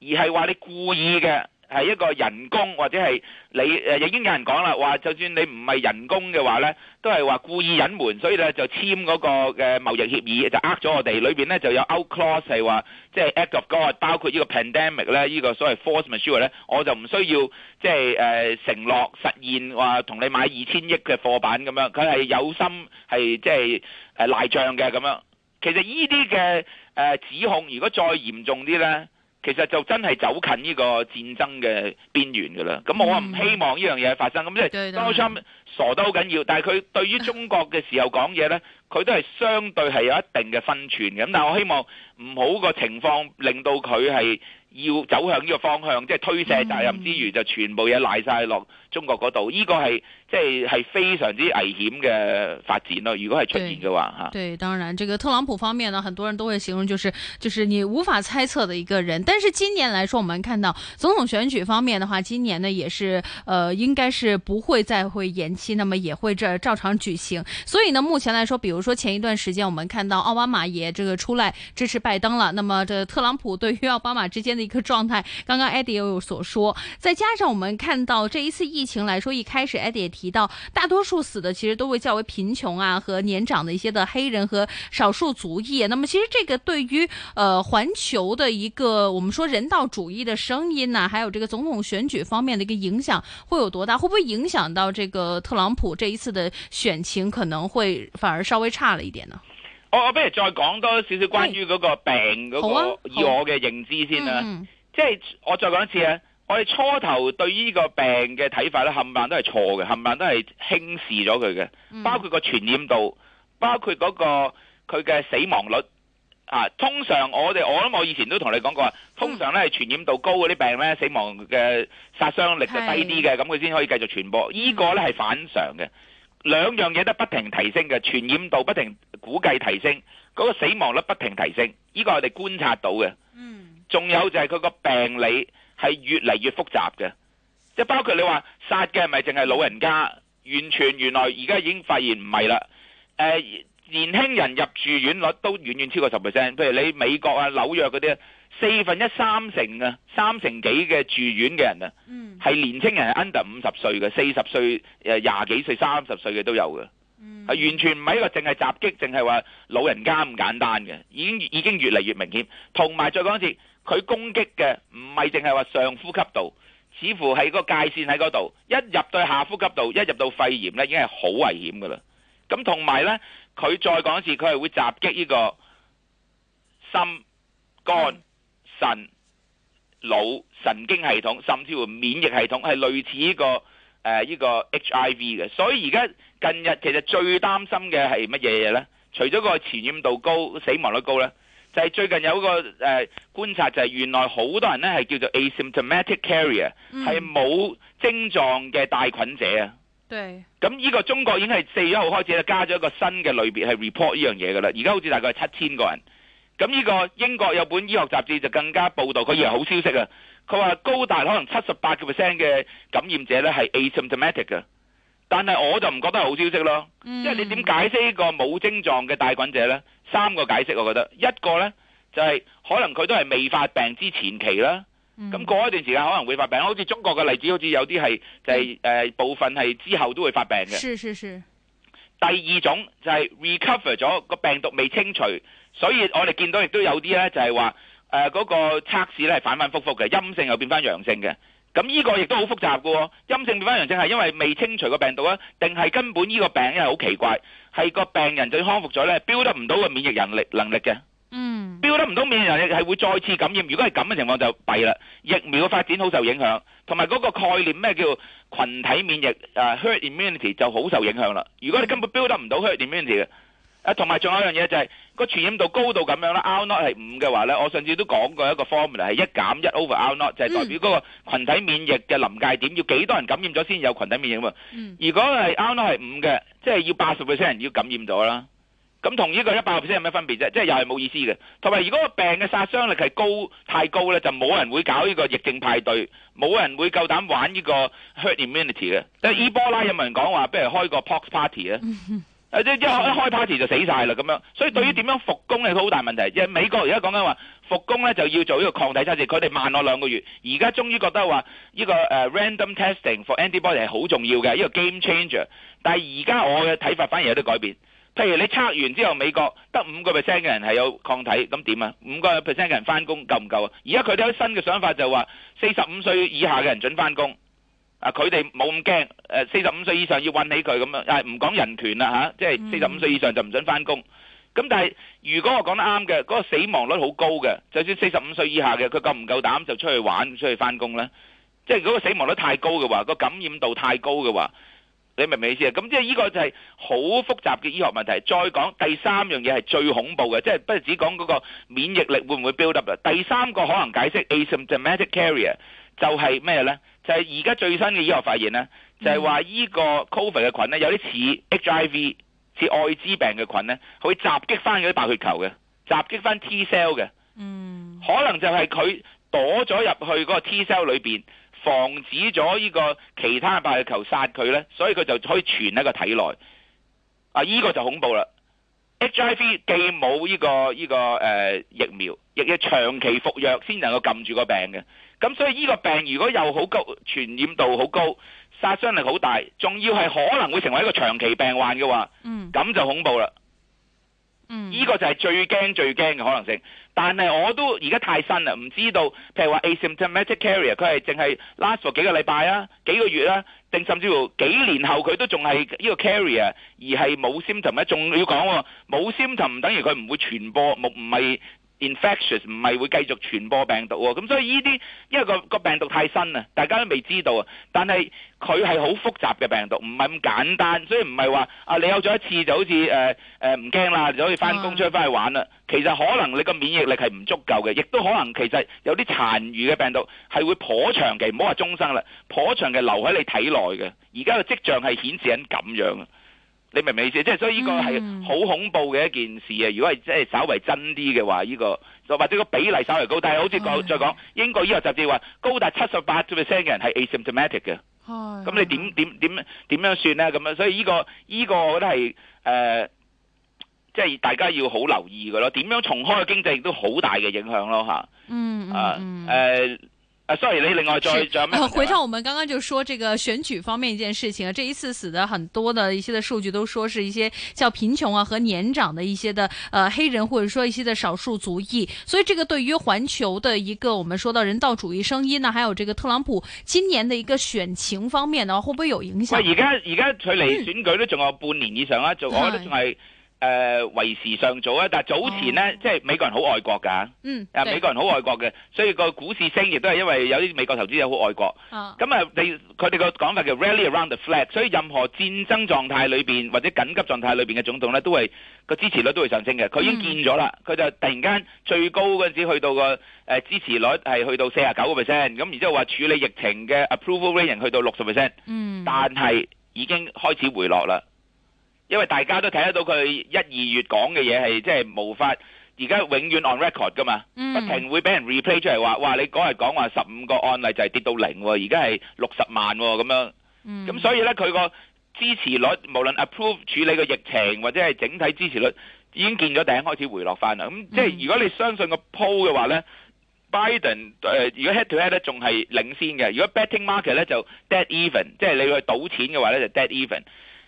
而係話你故意嘅係一個人工或者係你誒已經有人講啦，話就算你唔係人工嘅話呢，都係話故意隱瞞，所以咧就簽嗰個嘅貿易協議就呃咗我哋。裏邊呢就有 out clause 係話，即係 act of God 嗰個包括呢個 pandemic 呢，呢個所謂 force majeure 呢，我就唔需要即係誒承諾實現話同你買二千億嘅貨品咁樣，佢係有心係即係誒賴帳嘅咁樣。其實呢啲嘅。誒、呃、指控，如果再嚴重啲呢，其實就真係走近呢個戰爭嘅邊緣㗎啦。咁我唔希望呢樣嘢發生。咁即係 Donald Trump 傻得好緊要，對對對，但係佢對於中國嘅時候講嘢呢，佢都係相對係有一定嘅分寸嘅。咁但係我希望唔好個情況令到佢係要走向呢個方向，即、就、係、是、推卸責任之餘就全部嘢賴晒落中國嗰度。呢、這個係。即係係非常之危險嘅發展咯，如果係出現嘅話，吓，對，當然，這個特朗普方面呢，很多人都會形容，就是就是你無法猜測的一個人。但是今年來說，我們看到總統選舉方面的話，今年呢也是，呃，應該是不會再會延期，那麼也會這照常舉行。所以呢，目前來說，比如說前一段時間我們看到奧巴馬也這個出來支持拜登了。那麼這特朗普對於奧巴馬之間的一個狀態，剛剛 Eddie 又有所說，再加上我們看到這一次疫情來說，一開始 Eddie 也。提到大多數死的其實都會較為貧窮啊，和年長的一些的黑人和少數族裔。那麼，其實這個對於呃環球的一個我們說人道主義的聲音呢、啊，還有這個總統選舉方面的一個影響會有多大？會不會影響到這個特朗普這一次的選情，可能會反而稍微差了一點呢？我我不如再講多少少關於嗰個病嗰、那個、啊啊、以我嘅認知先啦、啊嗯嗯，即係我再講一次啊。嗯我哋初頭對呢個病嘅睇法咧，冚唪唥都係錯嘅，冚唪唥都係輕視咗佢嘅。包括個傳染度，包括嗰個佢嘅死亡率啊。通常我哋，我諗我以前都同你講過啊。通常咧係傳染度高嗰啲病咧，死亡嘅殺傷力就低啲嘅，咁佢先可以繼續傳播。呢個咧係反常嘅，兩樣嘢都不停提升嘅，傳染度不停估計提升，嗰個死亡率不停提升。呢個我哋觀察到嘅。嗯。仲有就係佢個病理。係越嚟越複雜嘅，即係包括你話殺嘅咪淨係老人家，完全原來而家已經發現唔係啦。誒，年輕人入住院率都遠遠超過十 percent。譬如你美國啊、紐約嗰啲啊，四分一三成啊，三成幾嘅住院嘅人啊，係年青人是 under 五十歲嘅，四十歲誒廿幾歲、三十歲嘅都有嘅。係完全唔係一個淨係襲擊，淨係話老人家咁簡單嘅，已經已經越嚟越明顯。同埋再講一次。佢攻擊嘅唔係淨係話上呼吸道，似乎係個界線喺嗰度，一入到下呼吸道，一入到肺炎咧，已經係好危險噶啦。咁同埋咧，佢再講一次，佢係會襲擊呢個心、肝、腎、腦、神經系統，甚至乎免疫系統，係類似呢、呢個誒、呃呢個 HIV 嘅。所以而家近日其實最擔心嘅係乜嘢嘢咧？除咗個傳染度高、死亡率高咧？就係、是、最近有個誒、呃、觀察，就係原來好多人咧係叫做 asymptomatic carrier，係、嗯、冇症狀嘅帶菌者啊。對。咁呢個中國已經係四月一號開始咧加咗一個新嘅類別係 report 呢樣嘢㗎啦。而家好似大概係七千個人。咁呢個英國有本醫學雜誌就更加報導，佢以為好消息啊！佢話高達可能七十八個 percent 嘅感染者咧係 asymptomatic 嘅，但係我就唔覺得係好消息咯。即、嗯、因為你點解釋呢個冇症狀嘅帶菌者咧？三個解釋，我覺得一個呢就係、是、可能佢都係未發病之前期啦。咁、嗯、過一段時間可能會發病，好似中國嘅例子，好似有啲係就係部分係之後都會發病嘅。是是是。第二種就係 recover 咗，個病毒未清除，所以我哋見到亦都有啲呢，就係話誒嗰個測試呢係反反覆覆嘅，陰性又變翻陽性嘅。咁依個亦都好複雜㗎喎，陰性變翻陽性係因為未清除個病毒啊，定係根本依個病因係好奇怪，係個病人最康復咗咧，build 唔到個免疫能力能力嘅，嗯，build 唔到免疫能力係會再次感染。如果係咁嘅情況就弊啦，疫苗嘅發展好受影響，同埋嗰個概念咩叫羣體免疫啊，herd immunity 就好受影響啦。如果你根本 build 唔到 herd immunity 嘅，啊，同埋仲有一樣嘢就係。個傳染度高到咁樣啦，R0 係五嘅話咧，我上次都講過一個 formula 係一減一 over R0，就係代表嗰個群體免疫嘅臨界點要幾多人感染咗先有群體免疫啊？如果係 R0 係五嘅，即係要八十 percent 人要感染咗啦。咁同呢個一百 percent 有咩分別啫？即係又係冇意思嘅。同埋如果個病嘅殺傷力係高太高咧，就冇人會搞呢個疫症派對，冇人會夠膽玩呢個 herd immunity 嘅。即係伊波拉有冇人講話不如開個 pox party 咧？ *laughs* 即一開 party 就死晒啦咁樣，所以對於點樣復工係好大問題。因為美國而家講緊話復工咧就要做呢個抗體測試，佢哋慢我兩個月，而家終於覺得話呢個 uh, random testing for antibody 係好重要嘅，呢個 game changer。但係而家我嘅睇法反而有啲改變。譬如你測完之後，美國得五個 percent 嘅人係有抗體，咁點啊？五個 percent 嘅人翻工夠唔夠啊？而家佢哋有新嘅想法就話四十五歲以下嘅人準翻工。啊！佢哋冇咁驚，誒，四十五歲以上要韫起佢咁樣，啊，唔講人權啦吓，即係四十五歲以上就唔准翻工。咁但係如果我講得啱嘅，嗰個死亡率好高嘅，就算四十五歲以下嘅，佢夠唔夠膽就出去玩，出去翻工咧？即係如果個死亡率太高嘅話，個感染度太高嘅話，你明唔明意思啊？咁即係依個就係好複雜嘅醫學問題。再講第三樣嘢係最恐怖嘅，即係不只講嗰個免疫力會唔會 build up 啦，第三個可能解釋 asymptomatic carrier 就係咩咧？就係而家最新嘅醫學發現咧，就係話依個 Covid 嘅菌咧，有啲似 HIV 似、mm. 愛滋病嘅菌咧，會襲擊翻嗰啲白血球嘅，襲擊翻 T cell 嘅。嗯、mm.，可能就係佢躲咗入去嗰個 T cell 裏邊，防止咗依個其他白血球殺佢咧，所以佢就可以傳喺個體內。啊，依、這個就恐怖啦！HIV 既冇呢、這個依、這個誒、呃、疫苗，亦要長期服藥先能夠撳住個病嘅。咁所以呢個病如果又好高，傳染度好高，殺傷力好大，仲要係可能會成為一個長期病患嘅話，咁、mm. 就恐怖啦。嗯，呢個就係最驚最驚嘅可能性。但係我都而家太新啦，唔知道。譬如話 asymptomatic carrier，佢係淨係 last for 幾個禮拜啊，幾個月啦、啊，定甚至乎幾年後佢都仲係呢個 carrier，而係冇 symptom，仲要講冇、哦、symptom 等於佢唔會傳播，冇唔係。infectious 唔係會繼續傳播病毒喎，咁所以呢啲因為個病毒太新啦，大家都未知道啊。但係佢係好複雜嘅病毒，唔係咁簡單，所以唔係話啊你有咗一次就好似誒唔驚啦，呃呃、你就可以翻工出去翻去玩啦、啊。其實可能你個免疫力係唔足夠嘅，亦都可能其實有啲殘餘嘅病毒係會頗長期，唔好話終生啦，頗長期留喺你體內嘅。而家嘅跡象係顯示緊咁樣。你明唔明意思？即係所以呢個係好恐怖嘅一件事啊，嗯！如果係即係稍微真啲嘅話，呢、這個或者個比例稍微高，是但係好似講再講，英國醫學雜誌話高達七十八 percent 嘅人係 asymptomatic 嘅，咁你點點點點樣算呢？咁樣，所以呢、這個呢、這個我都係誒、即、呃、係、就是、大家要好留意噶咯。點樣重開嘅經濟亦都好大嘅影響咯，吓、啊、誒、嗯。嗯啊呃啊 sorry 你另外再再回到我們剛剛就說這個選舉方面一件事情啊，這一次死的很多的一些的數據都說是一些較貧窮啊和年長的一些的，呃黑人或者說一些的少數族裔，所以這個對於環球的一個我們說到人道主義聲音呢，還有這個特朗普今年的一個選情方面呢，會不會有影響？而家而家距離選舉都仲有半年以上啦，就我哋仲係。誒、呃，為時尚早啊！但係早前呢，oh. 即係美國人好愛國噶、mm. 啊，美國人好愛國嘅，所以個股市升亦都係因為有啲美國投資者好愛國。咁啊，你佢哋個講法叫 Rally around the flag，所以任何戰爭狀態裏邊或者緊急狀態裏邊嘅總統呢，都係個支持率都會上升嘅。佢已經見咗啦，佢、mm. 就突然間最高嗰陣時去到個誒支持率係去到四十九個 percent，咁然之後話處理疫情嘅 approval rating 去到六十 percent，但係已經開始回落啦。因為大家都睇得到佢一二月講嘅嘢係即係無法，而家永遠 on record 噶嘛、嗯，不停會俾人 replay 出嚟話，哇你講係講話十五個案例就係跌到零、嗯，而家係六十萬咁樣，咁所以呢，佢個支持率無論 approve 處理個疫情或者係整體支持率已經見咗頂，開始回落翻啦，咁即係如果你相信個 poll 嘅話呢，Biden 誒如果 head to head 咧仲係領先嘅，如果 betting market 呢就 dead even，即係你去賭錢嘅話呢就 dead even。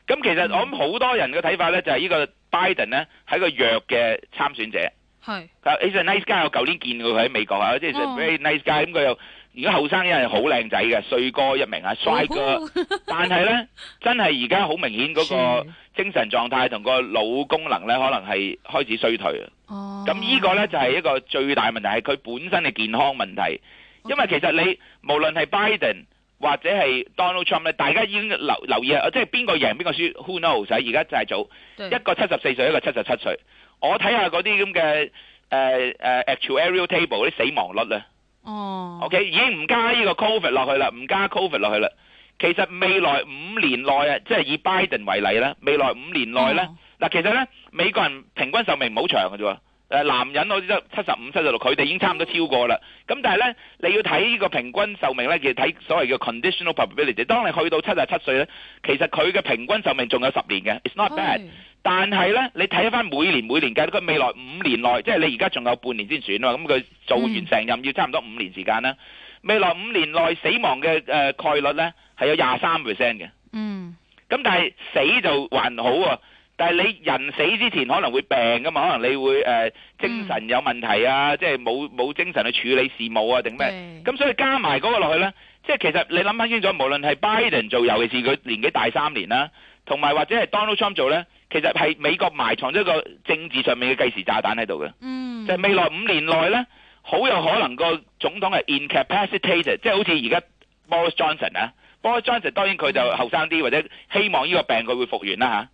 咁其實我諗好多人嘅睇法咧，就係呢個拜登咧，係個弱嘅參選者。係。其實 Nice Guy 我舊年見過佢喺美國啊，即係 very nice guy 咁佢又，而家後生人係好靚仔嘅帥哥一名啊，帥哥。但係咧，真係而家好明顯嗰個精神狀態同個腦功能咧，可能係開始衰退啊。哦。咁呢個咧就係一個最大問題，係佢本身嘅健康問題。因為其實你無論係拜登，或者係 Donald Trump 咧，大家已經留留意啊！即係邊個贏邊個輸？Who knows？而家就係早一個七十四歲，一個七十七歲。我睇下嗰啲咁嘅 actuarial table 嗰啲死亡率咧。哦、嗯。Okay? 已經唔加呢個 COVID 落去啦，唔加 COVID 落去啦。其實未來五年內啊，即係以 Biden 為例啦，未來五年內咧，嗱、嗯、其實咧，美國人平均壽命唔好長嘅啫喎。男人好似得七十五、七十六，佢哋已經差唔多超過啦。咁但係咧，你要睇呢個平均壽命咧，其實睇所謂嘅 conditional probability。當你去到七十七歲咧，其實佢嘅平均壽命仲有十年嘅，it's not bad。但係咧，你睇翻每年每年計，佢未來五年內，即係你而家仲有半年先選啦。咁佢做完成任、嗯、要差唔多五年時間啦。未來五年內死亡嘅、呃、概率咧係有廿三 percent 嘅。嗯。咁但係死就還好喎、啊。但係你人死之前可能會病噶嘛？可能你會、呃、精神有問題啊，嗯、即係冇冇精神去處理事務啊，定咩？咁、嗯、所以加埋嗰個落去咧，即係其實你諗翻清楚，無論係 Biden 做，尤其是佢年紀大三年啦、啊，同埋或者係 Donald Trump 做咧，其實係美國埋藏咗一個政治上面嘅計時炸彈喺度嘅。嗯，就係、是、未來五年內咧，好有可能個總統係 incapacitated，即係好似而家 Boris Johnson 啊、嗯、啊，Boris Johnson 當然佢就後生啲，或者希望呢個病佢會復原啦、啊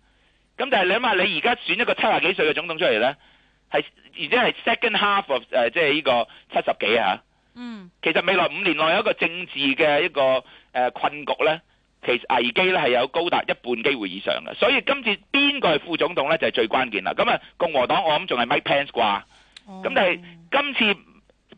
咁但係你諗下，你而家選一個七十幾歲嘅總統出嚟呢，係而且係 second half，of 即、呃、係呢、就是、個七十幾嗯，其實未來五年內有一個政治嘅一個、呃、困局呢，其實危機呢係有高達一半機會以上嘅。所以今次邊個係副總統呢，就係最關鍵啦。咁啊共和黨我諗仲係 Mike Pence 啩。咁、嗯、但係今次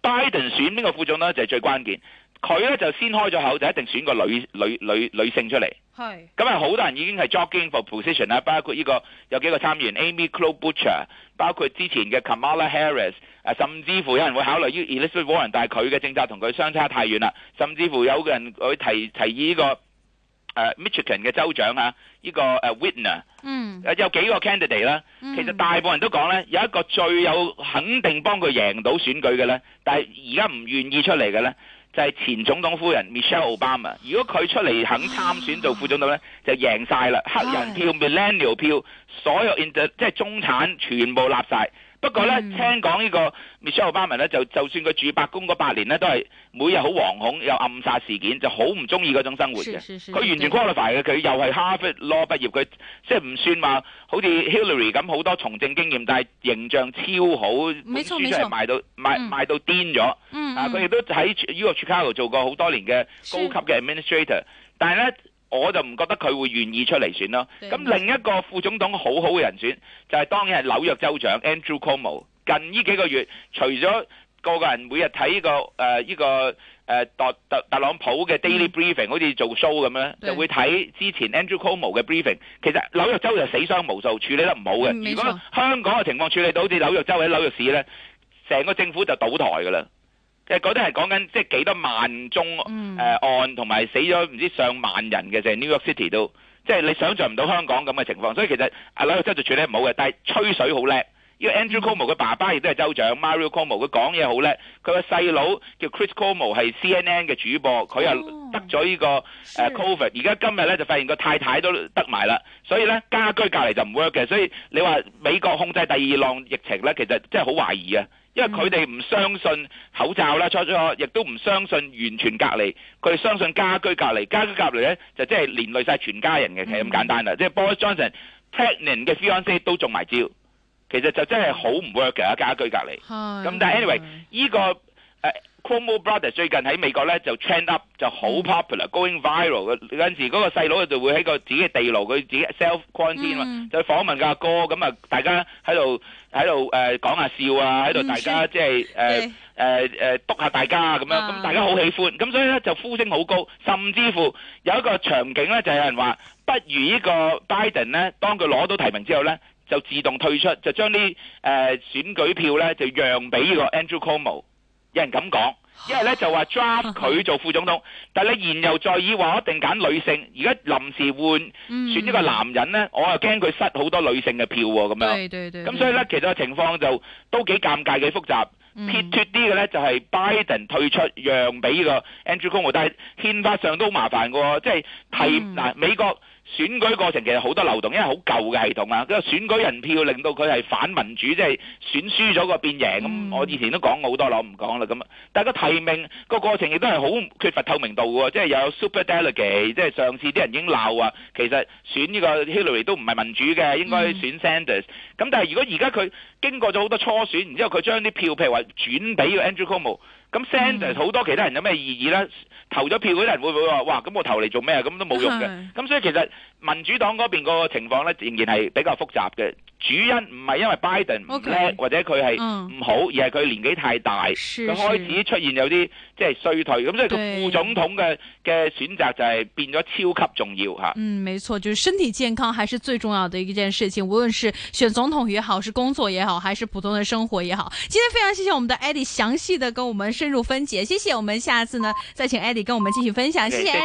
拜登選邊個副總呢，就係最關鍵。佢呢，就先開咗口就一定選個女女女女性出嚟。係，咁好多人已經係 jogging for position 啦，包括呢個有幾個參議員 Amy Klobuchar，包括之前嘅 Kamala Harris，甚至乎有人會考慮 Elizabeth Warren，但係佢嘅政策同佢相差太遠啦，甚至乎有人佢提提議呢、這個、uh, Michigan 嘅州長啊，呢、這個誒 Whitmer 嗯，uh, winner, 有幾個 candidate 啦，其實大部分人都講咧，有一個最有肯定幫佢贏到選舉嘅咧，但係而家唔願意出嚟嘅咧。就係、是、前總統夫人 Michelle Obama。如果佢出嚟肯參選做副總統咧，就贏晒啦！黑人票、Millennial 票、所有 inter 即係中產全部立晒。不過咧、嗯，聽講呢個 Michelle Obama 咧就就算佢住白宮嗰八年咧，都係每日好惶恐，有暗殺事件，就好唔中意嗰種生活嘅。佢完全 qualify 嘅，佢又係哈佛 law 畢業，佢即係唔算話好似 Hillary 咁好多從政經驗，但係形象超好，本書出嚟賣到賣到、嗯、賣，賣到癲咗。嗯，啊，佢、嗯、亦都喺 U Chicago 做過好多年嘅高級嘅 administrator，但係咧。我就唔覺得佢會願意出嚟選咯。咁另一個副總統好好嘅人選就係、是、當然係紐約州長 Andrew Cuomo。近呢幾個月，除咗個個人每日睇呢個誒呢、呃呢個誒特特特朗普嘅 Daily Briefing，、嗯、好似做 show 咁樣就會睇之前 Andrew Cuomo 嘅 Briefing。其實紐約州就死傷無數，處理得唔好嘅、嗯。如果香港嘅情況處理到好似紐約州喺紐約市咧，成個政府就倒台噶啦。即係嗰啲係講緊即係幾多萬宗誒案，同、嗯、埋死咗唔知上萬人嘅，成 New York City 都即係你想象唔到香港咁嘅情況。所以其實阿紐約州長處理唔好嘅，但係吹水好叻。因為 Andrew Cuomo 佢爸爸亦都係州長 Mario Cuomo，佢講嘢好叻。佢個細佬叫 Chris Cuomo 係 CNN 嘅主播，佢又得咗呢個 COVID，而、哦、家今日咧就發現個太太都得埋啦。所以咧家居隔離就唔 work 嘅。所以你話美國控制第二浪疫情咧，其實真係好懷疑啊！因為佢哋唔相信口罩啦，初初亦都唔相信完全隔離，佢哋相信家居隔離。家居隔離咧就即係連累晒全家人嘅，係、嗯、咁簡單啦。即、就、係、是、Boris Johnson、Pregnant 嘅 fiancée 都中埋招，其實就真係好唔 work 嘅家居隔離。咁但係 anyway，呢、anyway，呢個。誒、uh, Cuomo Brother 最近喺美國咧就 trend up 就好 popular，going、mm. viral 嘅。有陣時嗰個細佬就會喺個自己嘅地牢，佢自己 self-quarantine 嘛,就訪問個阿哥咁啊，那大家喺度喺度誒講下笑啊，喺度大家、mm. 即係誒誒誒篤下大家咁樣，咁、uh. 大家好喜歡。咁所以咧就呼聲好高，甚至乎有一個場景咧就是、有人話，不如個呢個 Biden 咧，當佢攞到提名之後咧，就自動退出，就將啲誒、呃、選舉票咧就讓俾呢個 Andrew Cuomo、mm.。有人咁講，因為咧就話抓佢做副總統，但係咧言猶在耳話一定揀女性，而家臨時換選一個男人咧，我又驚佢失好多女性嘅票喎，咁樣。對對對。咁所以咧，其實個情況就都幾尷尬、幾複雜。撇脱啲嘅咧就係拜登退出，讓俾呢個 Andrew Cuomo，但係憲法上都好麻煩嘅喎，即係提嗱美國。選舉過程其實好多漏洞，因為好舊嘅系統啊，跟選舉人票令到佢係反民主，即係選輸咗個變贏咁、嗯。我以前都講過好多，我唔講啦咁。但係個提名、個過程亦都係好缺乏透明度喎，即係有 super delegate，即係上次啲人已經鬧啊。其實選呢個 Hillary 都唔係民主嘅，應該選、嗯、Sanders。咁但係如果而家佢經過咗好多初選，然之後佢將啲票譬如話轉俾 Andrew Cuomo，咁 Sanders 好多其他人有咩意義咧？投咗票嗰啲人會唔會話哇？咁我投嚟做咩啊？咁都冇用嘅。咁所以其實民主黨嗰邊個情況咧，仍然係比較複雜嘅。主因唔係因為拜登唔叻，okay，或者佢係唔好，嗯、而係佢年紀太大，佢開始出現有啲即係衰退，咁所以佢副總統嘅嘅選擇就係變咗超級重要吓。嗯，沒錯，就是身體健康還是最重要的一件事情，無論是選總統也好，是工作也好，還是普通的生活也好。今天非常謝謝我們的 Eddie 詳細的跟我們深入分解，謝謝我們下次呢再請 Eddie 跟我們繼續分享，okay，謝謝 Eddie。